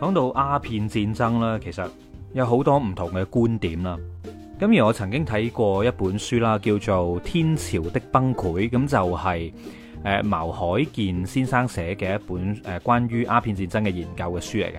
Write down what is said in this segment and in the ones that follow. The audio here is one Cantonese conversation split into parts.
講到鴉片戰爭啦，其實有好多唔同嘅觀點啦。咁而我曾經睇過一本書啦，叫做《天朝的崩潰》，咁就係誒茅海建先生寫嘅一本誒關於鴉片戰爭嘅研究嘅書嚟嘅。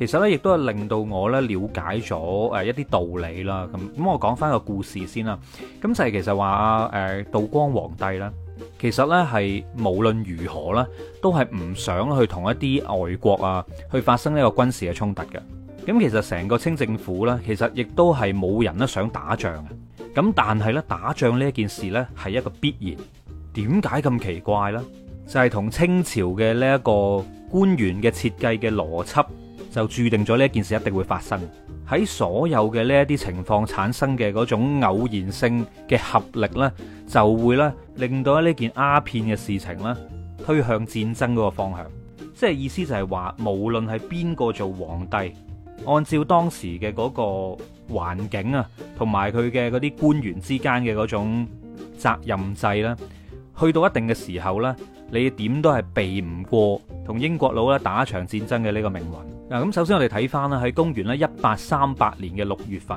其實咧，亦都係令到我咧了解咗誒一啲道理啦。咁咁我講翻個故事先啦。咁就係其實話誒道光皇帝啦。其實呢，係無論如何咧，都係唔想去同一啲外國啊，去發生呢個軍事嘅衝突嘅。咁其實成個清政府呢，其實亦都係冇人咧想打仗。咁但係呢，打仗呢件事呢，係一個必然。點解咁奇怪呢？就係同清朝嘅呢一個官員嘅設計嘅邏輯。就注定咗呢件事一定會發生，喺所有嘅呢一啲情況產生嘅嗰種偶然性嘅合力咧，就會咧令到呢件鴉片嘅事情咧推向戰爭嗰個方向。即係意思就係話，無論係邊個做皇帝，按照當時嘅嗰個環境啊，同埋佢嘅嗰啲官員之間嘅嗰種責任制咧，去到一定嘅時候咧，你點都係避唔過同英國佬咧打一場戰爭嘅呢個命運。嗱，咁首先我哋睇返啦，喺公元咧一八三八年嘅六月份，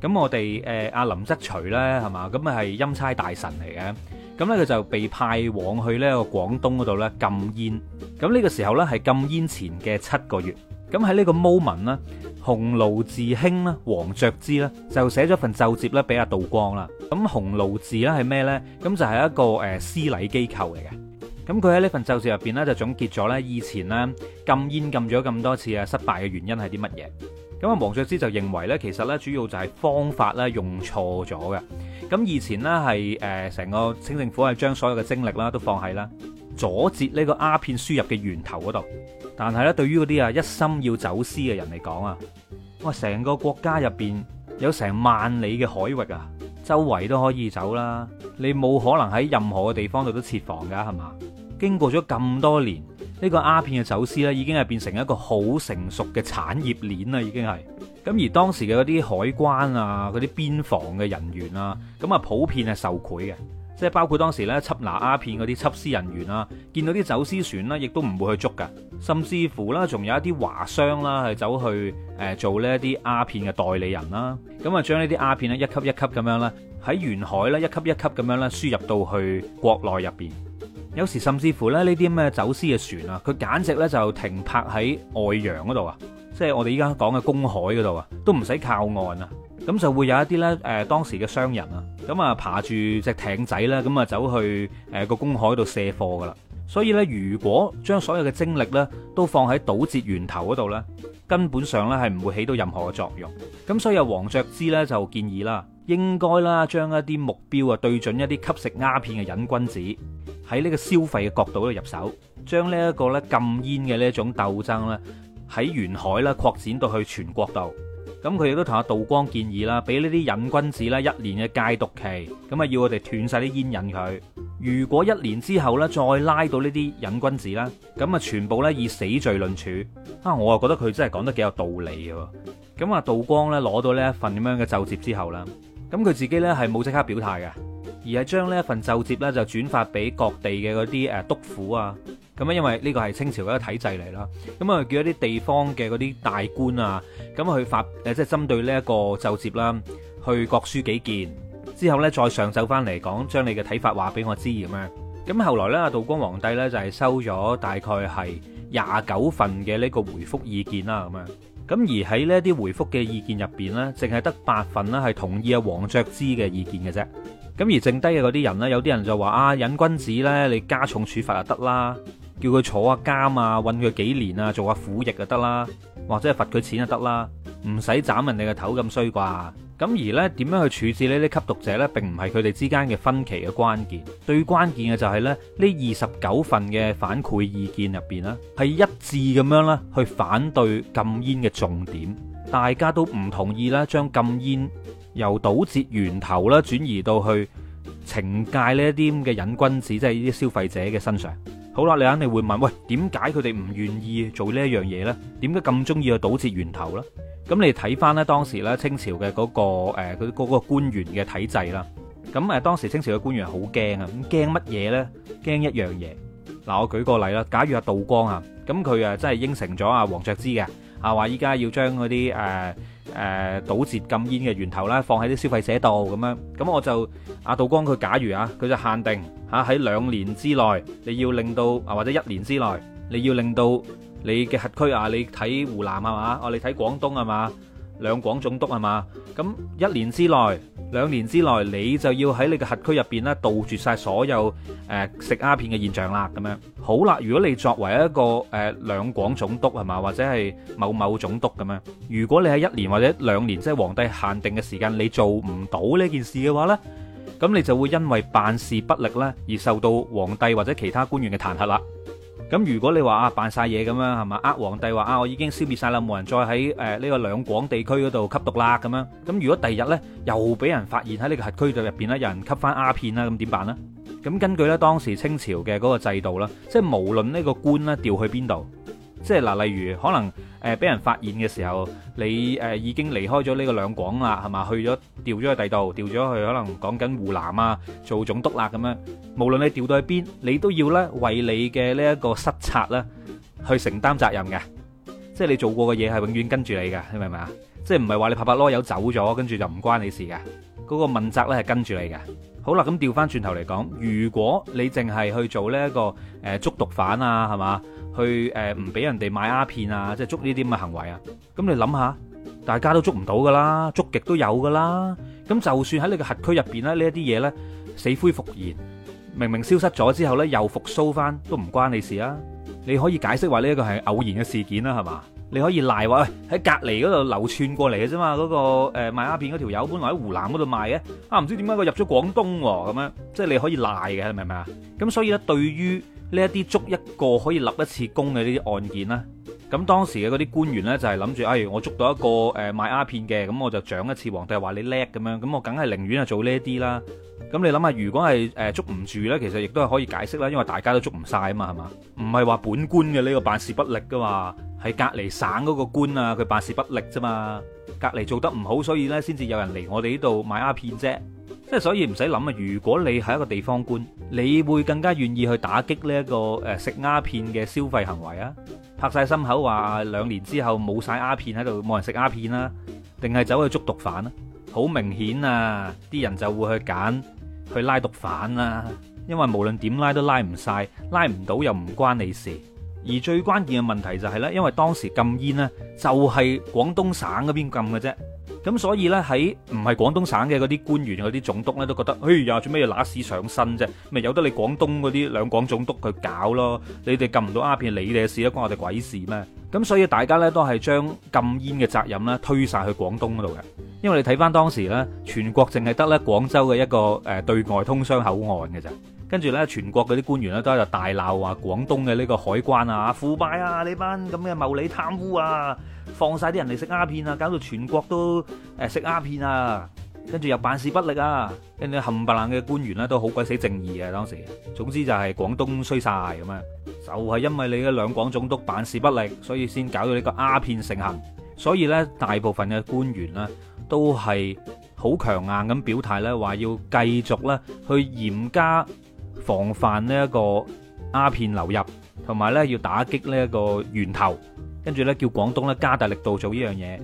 咁我哋誒阿林則徐咧，係嘛，咁啊係欽差大臣嚟嘅，咁咧佢就被派往去呢個廣東嗰度咧禁煙，咁呢個時候咧係禁煙前嘅七個月，咁喺呢個 moment 咧，鴻臚寺卿呢，黃爵滋啦就寫咗份奏摺咧俾阿道光啦，咁鴻臚寺咧係咩咧？咁就係一個誒司禮機構嚟嘅。咁佢喺呢份奏摺入邊咧就總結咗呢：以前呢，禁煙禁咗咁多次啊失敗嘅原因係啲乜嘢？咁啊黃爵滋就認為呢，其實呢，主要就係方法呢，用錯咗嘅。咁以前呢，係誒成個清政府係將所有嘅精力啦都放喺啦阻截呢個鴉片輸入嘅源頭嗰度，但係呢，對於嗰啲啊一心要走私嘅人嚟講啊，哇成個國家入邊有成萬里嘅海域啊，周圍都可以走啦，你冇可能喺任何嘅地方度都設防噶係嘛？經過咗咁多年，呢、這個鴉片嘅走私咧，已經係變成一個好成熟嘅產業鏈啦，已經係。咁而當時嘅嗰啲海關啊，嗰啲邊防嘅人員啊，咁啊普遍係受賄嘅，即係包括當時呢，緝拿鴉片嗰啲緝私人員啦、啊，見到啲走私船咧，亦都唔會去捉噶。甚至乎啦，仲有一啲華商啦，係走去誒、呃、做呢一啲鴉片嘅代理人啦、啊，咁啊將呢啲鴉片咧一級一級咁樣咧喺沿海咧一級一級咁樣咧輸入到去國內入邊。有時甚至乎咧，呢啲咩走私嘅船啊，佢簡直咧就停泊喺外洋嗰度啊，即係我哋依家講嘅公海嗰度啊，都唔使靠岸啊，咁就會有一啲呢，誒、呃、當時嘅商人啊，咁啊爬住隻艇仔啦，咁啊走去誒個、呃、公海度卸貨噶啦。所以呢，如果將所有嘅精力呢都放喺堵截源頭嗰度呢，根本上呢係唔會起到任何嘅作用。咁所以黃爵滋呢就建議啦。應該啦，將一啲目標啊對準一啲吸食鴉片嘅癮君子，喺呢個消費嘅角度咧入手，將呢一個咧禁煙嘅呢一種鬥爭咧喺沿海啦擴展到去全國度。咁佢亦都同阿道光建議啦，俾呢啲癮君子咧一年嘅戒毒期，咁啊要我哋斷晒啲煙癮佢。如果一年之後咧再拉到呢啲癮君子啦，咁啊全部咧以死罪論處。啊，我啊覺得佢真係講得幾有道理嘅。咁阿道光咧攞到呢一份咁樣嘅奏摺之後啦。咁佢自己呢係冇即刻表態嘅，而係將呢一份奏摺呢就轉發俾各地嘅嗰啲誒督府啊，咁啊因為呢個係清朝嘅體制嚟啦，咁啊叫一啲地方嘅嗰啲大官啊，咁去發誒即係針對呢一個奏摺啦，去各抒己見，之後呢，再上奏翻嚟講，將你嘅睇法話俾我知咁樣。咁後來呢，道光皇帝呢就係收咗大概係廿九份嘅呢個回覆意見啦咁樣。咁而喺呢啲回覆嘅意見入邊呢，淨係得八份呢，係同意啊黃爵滋嘅意見嘅啫。咁而剩低嘅嗰啲人呢，有啲人就話啊，癮君子呢，你加重處罰就得啦，叫佢坐下監啊，韞佢幾年啊，做下苦役就得啦，或者係罰佢錢就得啦，唔使斬人哋個頭咁衰啩。咁而呢點樣去處置呢啲吸毒者呢？並唔係佢哋之間嘅分歧嘅關鍵，最關鍵嘅就係咧呢二十九份嘅反饋意見入邊呢係一致咁樣咧去反對禁煙嘅重點，大家都唔同意咧將禁煙由堵截源頭啦轉移到去懲戒呢啲噉嘅癮君子，即係呢啲消費者嘅身上。好啦，你肯定會問，喂，點解佢哋唔願意做呢一樣嘢呢？點解咁中意去堵截源頭呢？咁你睇翻呢，當時呢清朝嘅嗰個佢嗰個官員嘅體制啦。咁啊當時清朝嘅、嗰個呃嗰個、官員好驚啊，咁驚乜嘢呢？驚一樣嘢。嗱，我舉個例啦，假如阿道光啊，咁佢啊真係應承咗阿黃爵滋嘅。啊！話依家要將嗰啲誒誒堵截禁煙嘅源頭啦，放喺啲消費者度咁樣。咁我就阿、啊、道光佢，假如啊，佢就限定嚇喺兩年之內，你要令到啊，或者一年之內，你要令到你嘅轄區啊，你睇湖南係嘛？哦，你睇廣東係嘛？兩廣總督係嘛？咁一年之內、兩年之內，你就要喺你嘅轄區入邊咧，杜絕晒所有誒、呃、食鴉片嘅現象啦。咁樣好啦，如果你作為一個誒兩廣總督係嘛，或者係某某總督咁樣，如果你喺一年或者兩年即係、就是、皇帝限定嘅時間，你做唔到呢件事嘅話呢，咁你就會因為辦事不力呢，而受到皇帝或者其他官員嘅彈劾啦。咁如果你話啊，扮晒嘢咁樣係嘛？呃，皇帝話啊，我已經消滅晒啦，冇人再喺誒呢個兩廣地區嗰度吸毒啦咁樣。咁如果第日呢，又俾人發現喺呢個核區度入邊咧有人吸翻鴉片啦，咁點辦呢？咁根據咧當時清朝嘅嗰個制度啦，即係無論呢個官咧調去邊度。即係嗱，例如可能誒俾人發現嘅時候，你誒、呃、已經離開咗呢個兩廣啦，係嘛？去咗調咗去第度，調咗去可能講緊湖南啊，做總督啦咁樣。無論你調到去邊，你都要咧為你嘅呢一個失策咧去承擔責任嘅。即係你做過嘅嘢係永遠跟住你嘅，你明唔明啊？即係唔係話你拍拍籮柚走咗，跟住就唔關你事嘅？嗰、那個問責咧係跟住你嘅。好啦，咁調翻轉頭嚟講，如果你淨係去做呢、這、一個誒、呃、捉毒販啊，係嘛？去誒唔俾人哋買鴉片啊，即係捉呢啲咁嘅行為啊，咁你諗下，大家都捉唔到噶啦，捉極都有噶啦。咁就算喺你嘅轄區入邊咧，呢一啲嘢呢，死灰復燃，明明消失咗之後呢，又復甦翻，都唔關你事啊。你可以解釋話呢一個係偶然嘅事件啦、啊，係嘛？你可以賴話喎，喺、哎、隔離嗰度流串過嚟嘅啫嘛，嗰、嗰個誒賣鴉片嗰條友本來喺湖南嗰度賣嘅，啊唔知點解佢入咗廣東喎、啊，咁樣即係你可以賴嘅，係咪？明啊？咁所以咧，對於呢一啲捉一個可以立一次功嘅呢啲案件啦，咁當時嘅嗰啲官員咧就係諗住，例、哎、我捉到一個誒賣鴉片嘅，咁我就獎一次皇帝，係話你叻咁樣，咁我梗係寧願係做呢一啲啦。咁你諗下，如果係誒捉唔住咧，其實亦都係可以解釋啦，因為大家都捉唔曬啊嘛，係嘛？唔係話本官嘅呢個辦事不力噶嘛，係隔離省嗰個官啊，佢辦事不力啫嘛，隔離做得唔好，所以咧先至有人嚟我哋呢度買鴉片啫，即係所以唔使諗啊！如果你係一個地方官，你會更加願意去打擊呢一個誒食鴉片嘅消費行為啊？拍曬心口話兩年之後冇曬鴉片喺度，冇人食鴉片啦，定係走去捉毒販啊？好明顯啊，啲人就會去揀。去拉毒販啦、啊，因為無論點拉都拉唔晒，拉唔到又唔關你事。而最關鍵嘅問題就係、是、呢，因為當時禁煙呢，就係、是、廣東省嗰邊禁嘅啫，咁所以呢，喺唔係廣東省嘅嗰啲官員、嗰啲總督呢，都覺得，誒又、啊、做咩要揦屎上身啫？咪由得你廣東嗰啲兩廣總督去搞咯，你哋禁唔到鴉片，你哋嘅事都關我哋鬼事咩？咁所以大家呢，都係將禁煙嘅責任呢，推晒去廣東嗰度嘅。因為你睇翻當時呢，全國淨係得咧，廣州嘅一個誒，對外通商口岸嘅咋，跟住呢，全國嗰啲官員咧，都喺度大鬧話、啊、廣東嘅呢個海關啊、腐敗啊、你班咁嘅謀利貪污啊，放晒啲人嚟食鴉片啊，搞到全國都誒食鴉片啊，跟住又辦事不力啊，跟住冚唪唥嘅官員咧，都好鬼死正義啊。當時總之就係廣東衰晒咁啊，就係、是、因為你嘅兩廣總督辦事不力，所以先搞到呢個鴉片盛行。所以呢，大部分嘅官員咧，都係好強硬咁表態，呢話要繼續呢去嚴加防範呢一個鴉片流入，同埋呢要打擊呢一個源頭，跟住呢，叫廣東呢加大力度做呢樣嘢。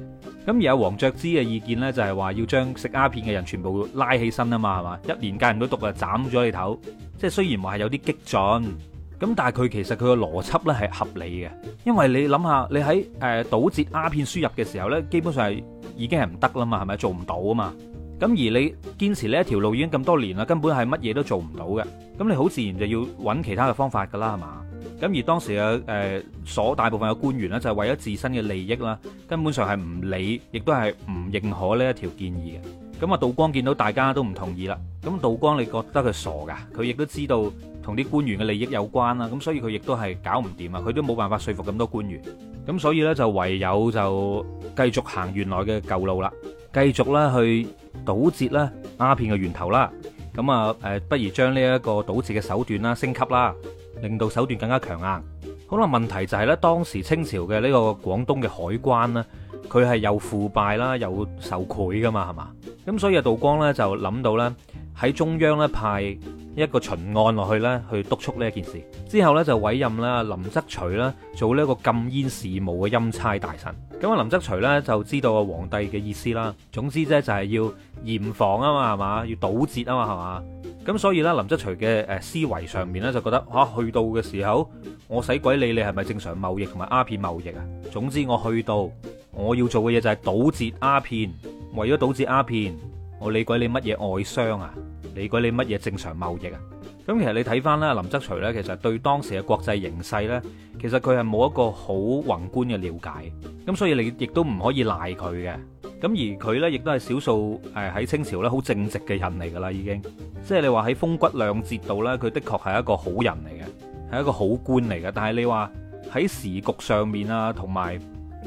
咁而有黃爵滋嘅意見呢，就係話要將食鴉片嘅人全部拉起身啊嘛，係嘛？一年間戒唔到毒啊，斬咗你頭！即係雖然話係有啲激進，咁但係佢其實佢個邏輯呢係合理嘅，因為你諗下，你喺誒堵截鴉片輸入嘅時候呢，基本上係。已經係唔得啦嘛，係咪？做唔到啊嘛。咁而你堅持呢一條路已經咁多年啦，根本係乜嘢都做唔到嘅。咁你好自然就要揾其他嘅方法噶啦，係嘛？咁而當時嘅誒，所、呃、大部分嘅官員咧，就係為咗自身嘅利益啦，根本上係唔理，亦都係唔認可呢一條建議嘅。咁啊，道光見到大家都唔同意啦，咁道光，你覺得佢傻噶？佢亦都知道同啲官員嘅利益有關啦，咁所以佢亦都係搞唔掂啊，佢都冇辦法說服咁多官員。咁所以咧就唯有就繼續行原來嘅舊路啦，繼續咧去堵截咧鴉片嘅源頭啦。咁啊誒，不如將呢一個堵截嘅手段啦升級啦，令到手段更加強硬。好啦，問題就係咧，當時清朝嘅呢個廣東嘅海關咧，佢係又腐敗啦，又受賄噶嘛，係嘛？咁所以道光咧就諗到咧。喺中央咧派一個巡按落去咧，去督促呢一件事。之後咧就委任啦，林則徐啦做呢一個禁煙事務嘅欽差大臣。咁啊，林則徐咧就知道個皇帝嘅意思啦。總之啫就係要嚴防啊嘛，係嘛？要堵截啊嘛，係嘛？咁所以咧，林則徐嘅誒思維上面咧就覺得嚇、啊、去到嘅時候，我使鬼理你係咪正常貿易同埋鴉片貿易啊？總之我去到，我要做嘅嘢就係堵截鴉片，為咗堵截鴉片，我理鬼你乜嘢外商啊？你講你乜嘢正常貿易啊？咁其實你睇翻呢，林則徐呢，其實對當時嘅國際形勢呢，其實佢係冇一個好宏觀嘅了解。咁所以你亦都唔可以賴佢嘅。咁而佢呢，亦都係少數誒喺清朝呢好正直嘅人嚟㗎啦，已經。即係你話喺風骨兩節度呢，佢的確係一個好人嚟嘅，係一個好官嚟嘅。但係你話喺時局上面啊，同埋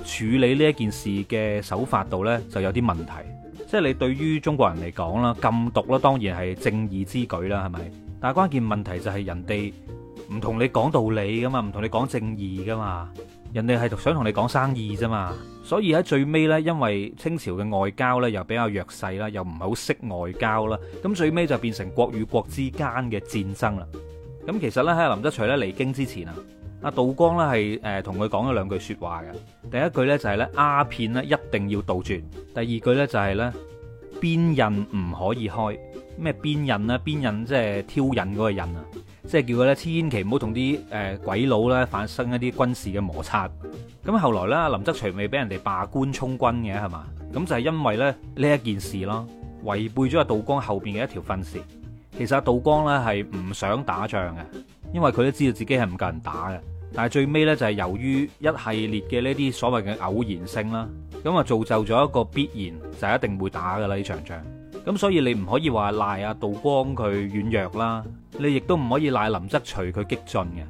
處理呢一件事嘅手法度呢，就有啲問題。即係你對於中國人嚟講啦，禁毒啦，當然係正義之舉啦，係咪？但係關鍵問題就係人哋唔同你講道理噶嘛，唔同你講正義噶嘛，人哋係想同你講生意啫嘛。所以喺最尾呢，因為清朝嘅外交呢又比較弱勢啦，又唔係好識外交啦，咁最尾就變成國與國之間嘅戰爭啦。咁其實呢，喺林則徐咧離京之前啊。阿道光咧係誒同佢講咗兩句說話嘅，第一句咧就係咧鴉片咧一定要杜絕，第二句咧就係咧邊釁唔可以開，咩邊釁咧？邊釁即係挑釁嗰個釁啊，即係叫佢咧千祈唔好同啲誒鬼佬咧發生一啲軍事嘅摩擦。咁後來咧林則徐未俾人哋罷官充軍嘅係嘛？咁就係因為咧呢一件事咯，違背咗阿道光後邊嘅一條訓示。其實阿道光咧係唔想打仗嘅。因為佢都知道自己係唔夠人打嘅，但係最尾呢，就係由於一系列嘅呢啲所謂嘅偶然性啦，咁啊造就咗一個必然就係，一定會打噶啦呢場仗。咁所以你唔可以話賴阿道光佢軟弱啦，你亦都唔可以賴林則徐佢激進嘅，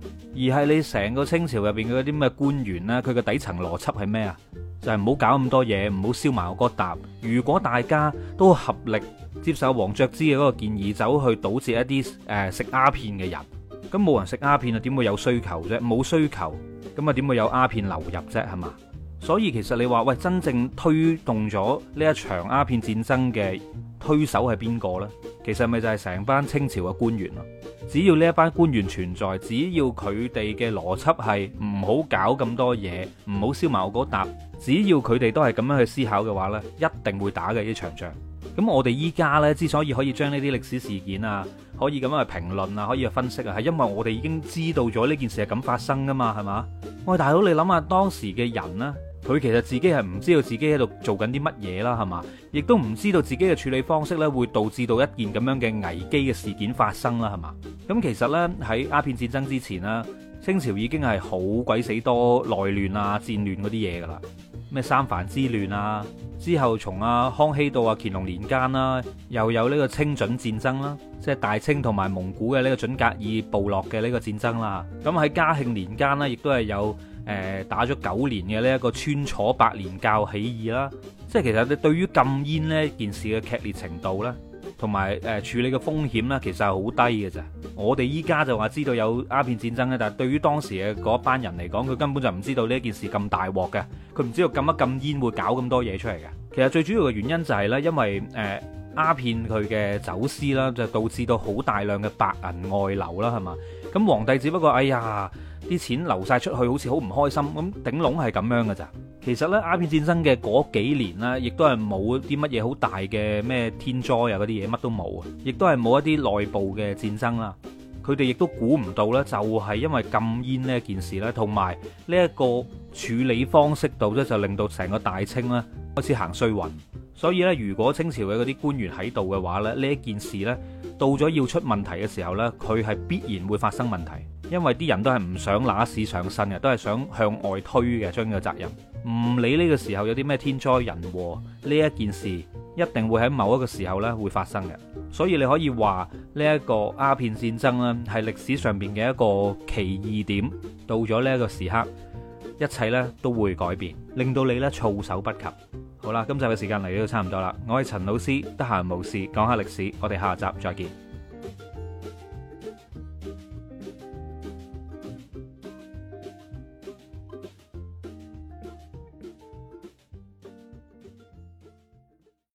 而係你成個清朝入邊嗰啲咩官員咧，佢嘅底層邏輯係咩啊？就係唔好搞咁多嘢，唔好燒埋我個搭。如果大家都合力接受黃爵滋嘅嗰個建議，走去堵截一啲誒、呃、食鴉片嘅人。咁冇人食鴉片啊，點會有需求啫？冇需求，咁啊點會有鴉片流入啫？係嘛？所以其實你話喂，真正推動咗呢一場鴉片戰爭嘅推手係邊個呢？其實咪就係成班清朝嘅官員啦。只要呢一班官員存在，只要佢哋嘅邏輯係唔好搞咁多嘢，唔好燒埋我嗰笪，只要佢哋都係咁樣去思考嘅話呢，一定會打嘅一場仗。咁我哋依家呢之所以可以將呢啲歷史事件啊，可以咁樣去評論啊，可以去分析啊，係因為我哋已經知道咗呢件事係咁發生噶嘛，係嘛？喂，大佬你諗下當時嘅人咧，佢其實自己係唔知道自己喺度做緊啲乜嘢啦，係嘛？亦都唔知道自己嘅處理方式呢，會導致到一件咁樣嘅危機嘅事件發生啦，係嘛？咁其實呢，喺鴉片戰爭之前咧，清朝已經係好鬼死多內亂啊、戰亂嗰啲嘢噶啦。咩三藩之亂啊，之後從啊康熙到啊乾隆年間啦、啊，又有呢個清準戰爭啦、啊，即係大清同埋蒙古嘅呢個準噶爾部落嘅呢個戰爭啦、啊。咁喺嘉慶年間呢、啊，亦都係有誒、呃、打咗九年嘅呢一個川楚白蓮教起義啦、啊。即係其實你對於禁煙呢件事嘅劇烈程度呢。同埋誒處理嘅風險咧，其實係好低嘅咋，我哋依家就話知道有鴉片戰爭咧，但係對於當時嘅嗰班人嚟講，佢根本就唔知道呢件事咁大鑊嘅，佢唔知道禁一禁煙會搞咁多嘢出嚟嘅。其實最主要嘅原因就係呢，因為誒鴉片佢嘅走私啦，就導致到好大量嘅白銀外流啦，係嘛？咁皇帝只不過，哎呀～啲錢流晒出去，好似好唔開心咁。頂籠係咁樣嘅咋？其實咧，鴉片戰爭嘅嗰幾年呢，亦都係冇啲乜嘢好大嘅咩天災啊嗰啲嘢，乜都冇啊，亦都係冇一啲內部嘅戰爭啦。佢哋亦都估唔到呢，就係因為禁煙呢件事咧，同埋呢一個處理方式度咧，就令到成個大清咧開始行衰運。所以咧，如果清朝嘅嗰啲官員喺度嘅話咧，呢一件事呢，到咗要出問題嘅時候呢，佢係必然會發生問題。因為啲人都係唔想攞屎上身嘅，都係想向外推嘅，將呢個責任，唔理呢個時候有啲咩天災人禍，呢一件事一定會喺某一個時候咧會發生嘅。所以你可以話呢一個鴉片戰爭咧，係歷史上邊嘅一個奇異點。到咗呢一個時刻，一切咧都會改變，令到你咧措手不及。好啦，今集嘅時間嚟到差唔多啦，我係陳老師，得閒無事講下歷史，我哋下集再見。